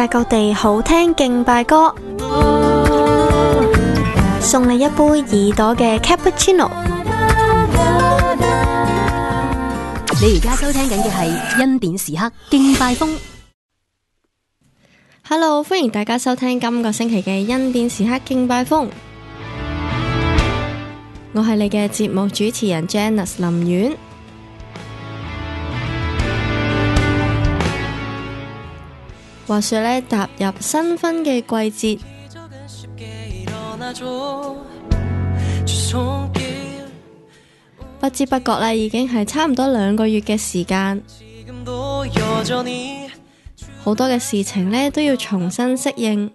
世界各地好聽敬拜歌，送你一杯耳朵嘅 cappuccino。你而家收聽緊嘅係恩典時刻敬拜風。Hello，歡迎大家收聽今個星期嘅恩典時刻敬拜風。我係你嘅節目主持人 Janice 林苑。話說咧，踏入新婚嘅季節，不知不覺咧已經係差唔多兩個月嘅時間，好多嘅事情咧都要重新適應，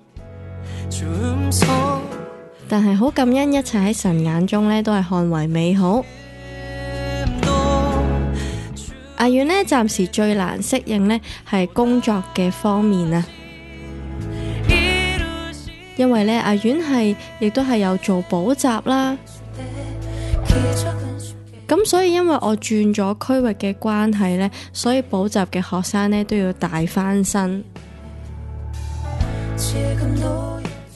但係好感恩一切喺神眼中咧都係看為美好。阿苑呢，暫時最難適應呢係工作嘅方面啊，因為呢，阿苑係亦都係有做補習啦，咁所以因為我轉咗區域嘅關係呢，所以補習嘅學生呢都要大翻身。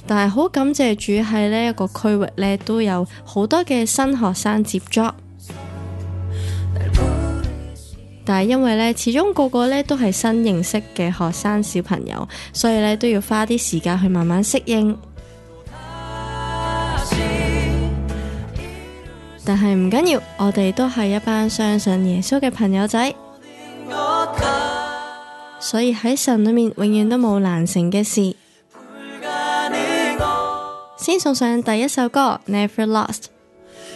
但係好感謝主，喺呢一個區域呢都有好多嘅新學生接觸。但係因為咧，始終個個咧都係新認識嘅學生小朋友，所以咧都要花啲時間去慢慢適應。但係唔緊要，我哋都係一班相信耶穌嘅朋友仔，所以喺神裏面永遠都冇難成嘅事。先送上第一首歌《Never Lost》。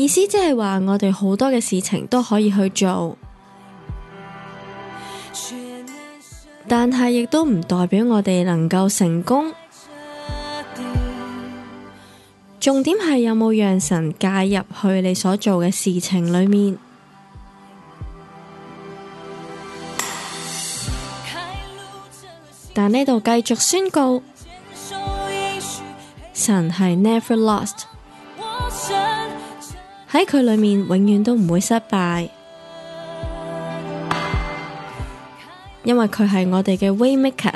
意思即係話，我哋好多嘅事情都可以去做，但係亦都唔代表我哋能夠成功。重點係有冇讓神介入去你所做嘅事情裏面。但呢度繼續宣告，神係 never lost。喺佢裏面永遠都唔會失敗，因為佢係我哋嘅 way maker。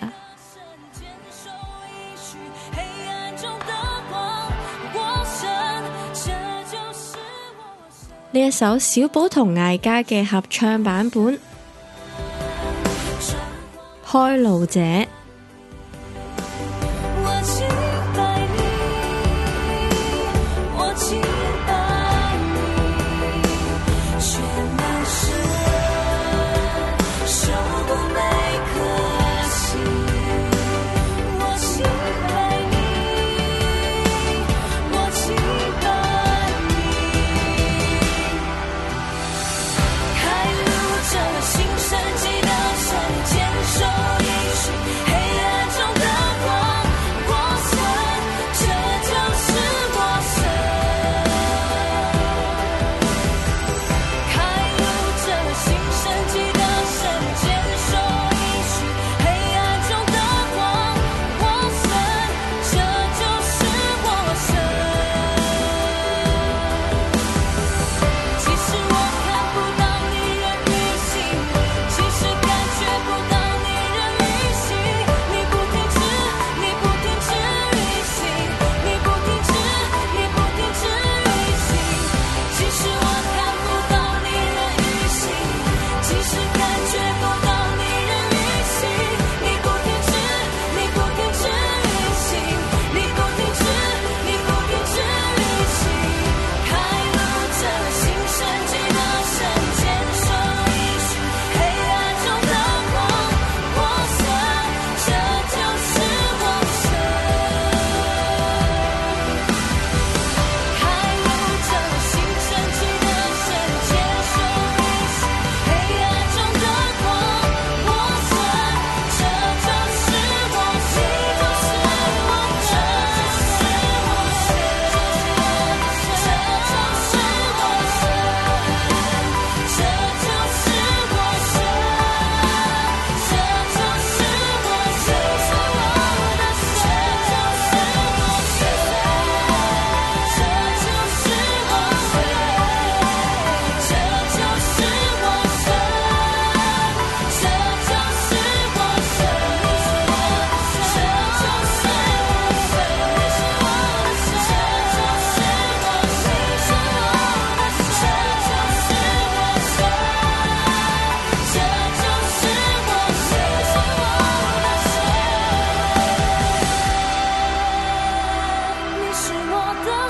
呢一首小寶同艾嘉嘅合唱版本《開路者》。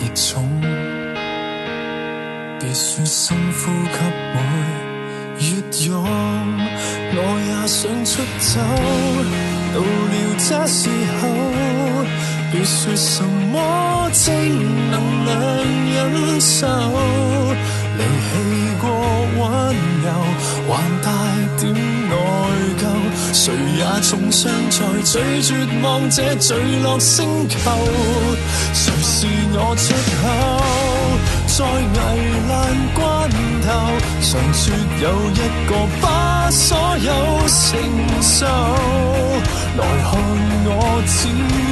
越重，別說深呼吸會越勇，我也想出走。到了這時候，別說什麼正能量忍受。離棄過溫柔，還帶點內疚。誰也重傷在最絕望這墜落星球。誰是我出口，在危難關頭，常說有一個把所有承受，來看我指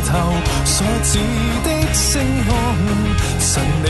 頭所指的星空，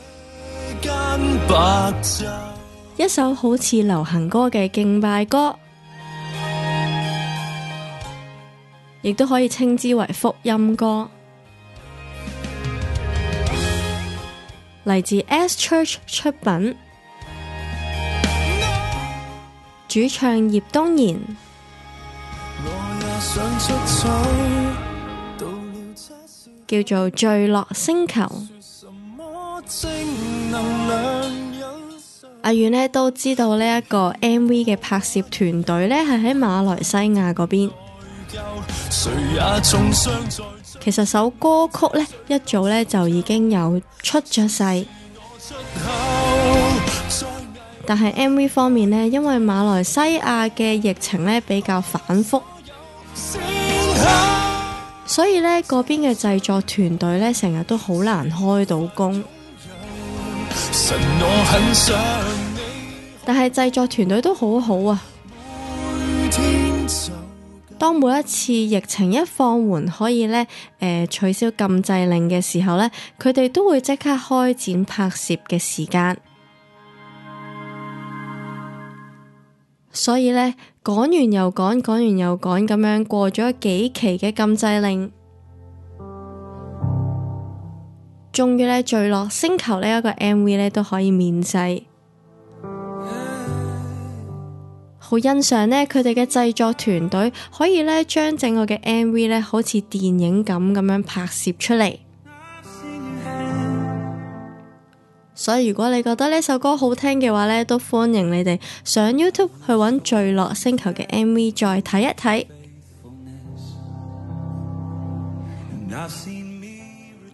一首好似流行歌嘅敬拜歌，亦都可以稱之為福音歌，嚟 自 S Church 出品， 主唱葉東然， 叫做墜落星球。 阿遠呢都知道呢一個 M V 嘅拍攝團隊呢係喺馬來西亞嗰邊。其實首歌曲呢一早呢就已經有出咗世，但係 M V 方面呢，因為馬來西亞嘅疫情呢比較反覆，所以呢嗰邊嘅製作團隊呢成日都好難開到工。但係製作團隊都好好啊。當每一次疫情一放緩，可以呢取消禁制令嘅時候呢，佢哋都會即刻開展拍攝嘅時間。所以呢，講完又講，講完又講，咁樣過咗幾期嘅禁制令。終於呢墜落星球呢一個 M V 呢都可以面世，好欣賞呢，佢哋嘅製作團隊可以呢將整個嘅 M V 呢好似電影咁咁樣拍攝出嚟。所以如果你覺得呢首歌好聽嘅話呢，都歡迎你哋上 YouTube 去揾墜落星球嘅 M V 再睇一睇。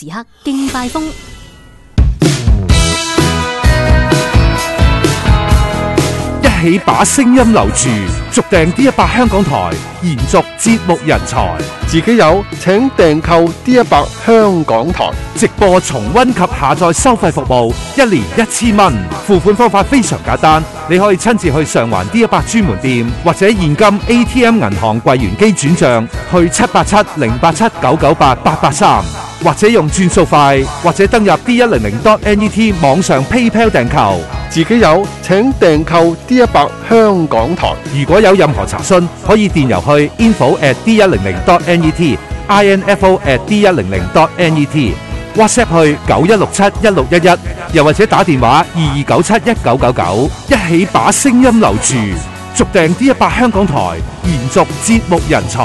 時刻敬快風，一起把聲音留住。續訂 D 一百香港台，延續節目人才。自己有請訂購 D 一百香港台直播重溫及下載收費服務，一年一千蚊。付款方法非常簡單，你可以親自去上環 D 一百專門店，或者現金 ATM 銀行櫃員機轉賬去七八七零八七九九八八八三。或者用轉數快，或者登入 D100.net 網上 PayPal 訂購。自己有請訂購 D100 香港台。如果有任何查詢，可以電郵去 info@D100.net，info@D100.net，WhatsApp 去九一六七一六一一，又或者打電話二二九七一九九九，一起把聲音留住，續訂 D100 香港台，延續節目人才。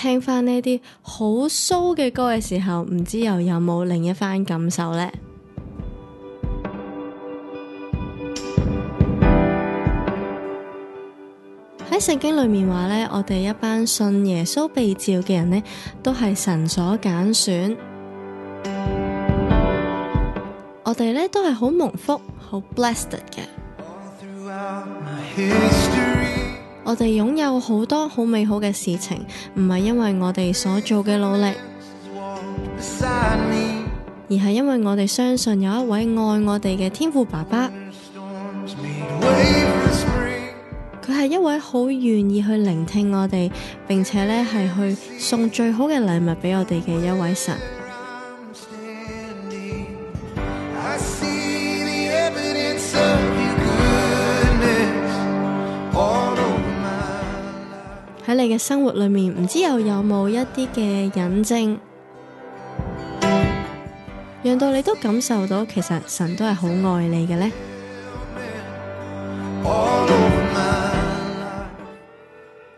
聽翻呢啲好騷嘅歌嘅時候，唔知又有冇另一番感受呢？喺聖經裏面話呢，我哋一班信耶穌被召嘅人呢，都係神所揀選，我哋呢，都係好蒙福、好 blessed 嘅。我哋擁有好多好美好嘅事情，唔係因為我哋所做嘅努力，而係因為我哋相信有一位愛我哋嘅天父爸爸。佢係一位好願意去聆聽我哋，並且咧係去送最好嘅禮物俾我哋嘅一位神。喺你嘅生活裏面，唔知又有冇一啲嘅引證，讓到你都感受到其實神都係好愛你嘅呢？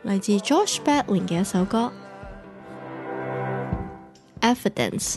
嚟自 Josh Baldwin 嘅一首歌《Evidence》。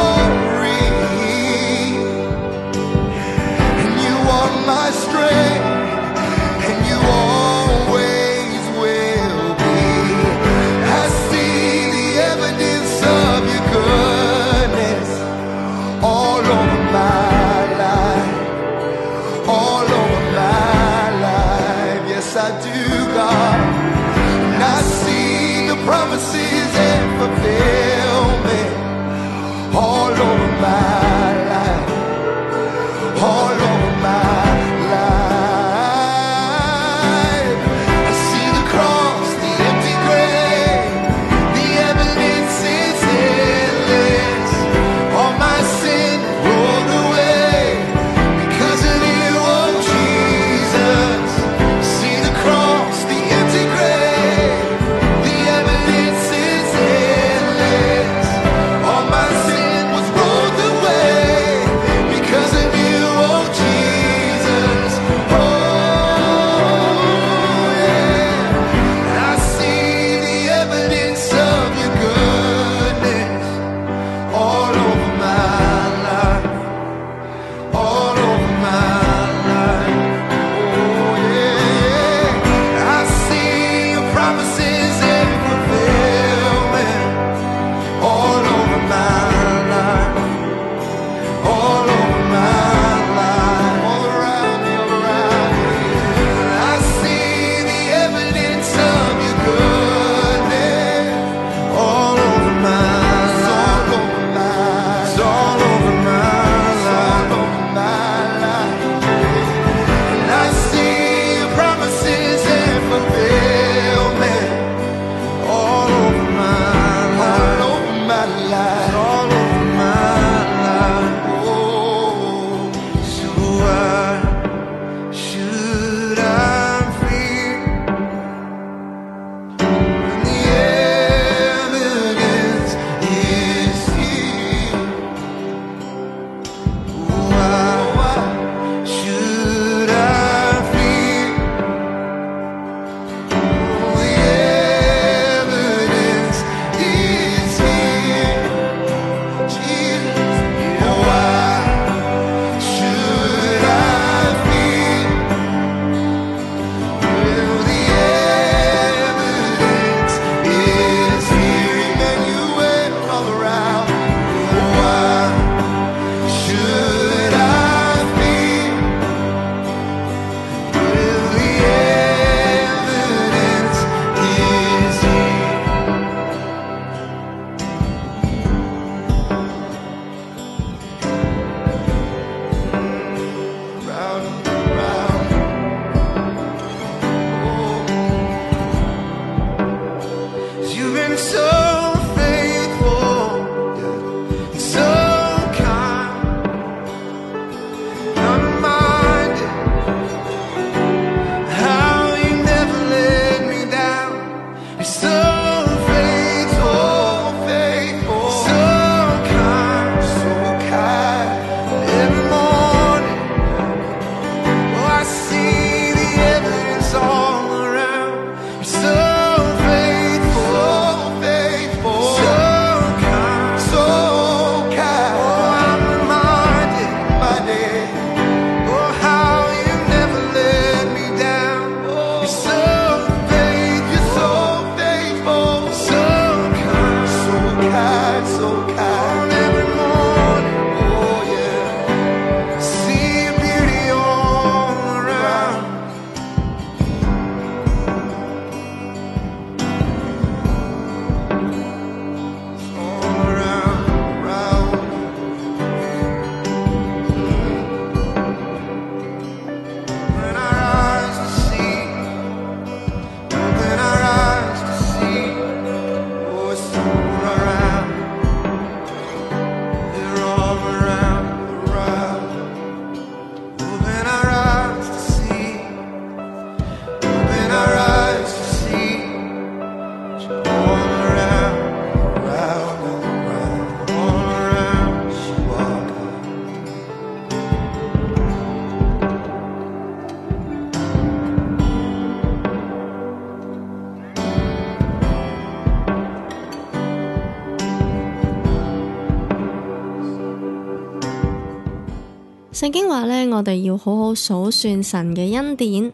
聖經話呢，我哋要好好數算神嘅恩典。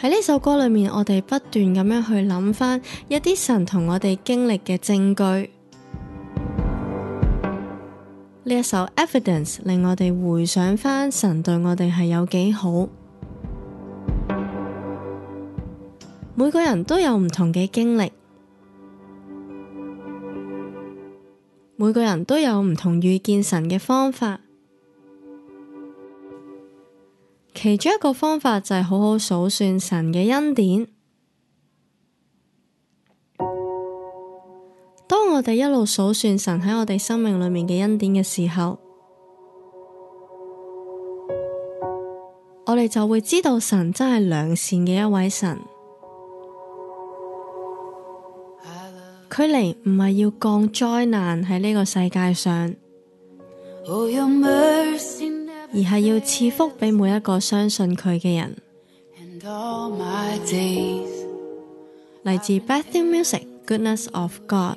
喺呢首歌裏面，我哋不斷咁樣去諗翻一啲神同我哋經歷嘅證據。呢一首 Evidence 令我哋回想翻神對我哋係有幾好。每個人都有唔同嘅經歷。每個人都有唔同遇見神嘅方法，其中一個方法就係好好數算神嘅恩典。當我哋一路數算神喺我哋生命裏面嘅恩典嘅時候，我哋就會知道神真係良善嘅一位神。距離唔係要降災難喺呢個世界上，oh, 而係要賜福俾每一個相信佢嘅人。嚟自 Bethel Music Goodness of God。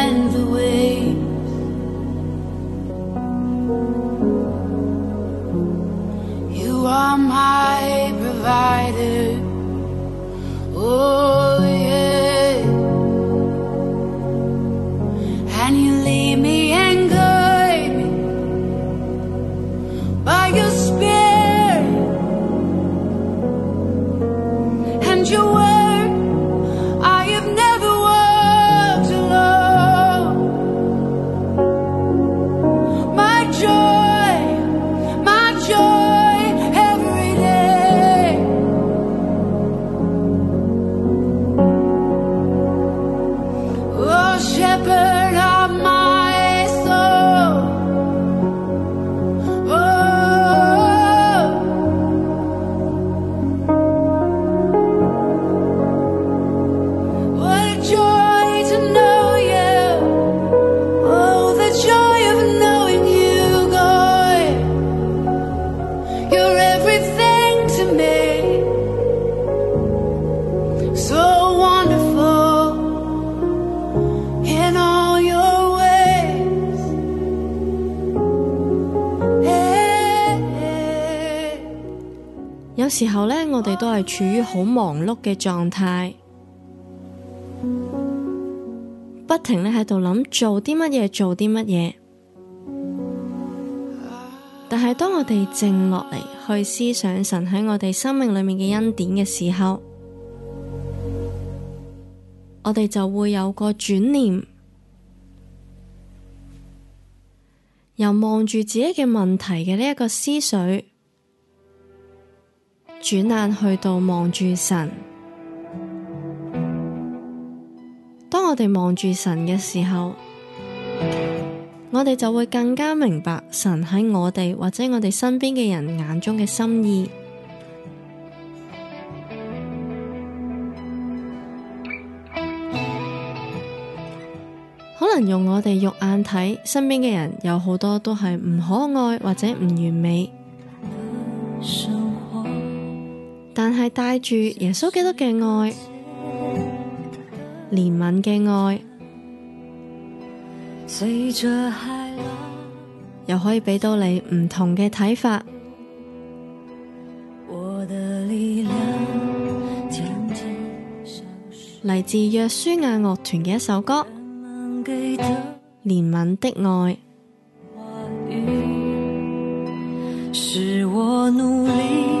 時候呢，我哋都係處於好忙碌嘅狀態，不停呢喺度諗做啲乜嘢，做啲乜嘢。但係當我哋靜落嚟去思想神喺我哋生命裏面嘅恩典嘅時候，我哋就會有個轉念，由望住自己嘅問題嘅呢一個思緒。轉眼去到望住神，當我哋望住神嘅時候，我哋就會更加明白神喺我哋或者我哋身邊嘅人眼中嘅心意。可能用我哋肉眼睇，身邊嘅人有好多都係唔可愛或者唔完美。但係帶住耶穌基督嘅愛、憐憫嘅愛，海浪又可以畀到你唔同嘅睇法。嚟自約書亞樂團嘅一首歌《憐憫的，的愛》我。是我努力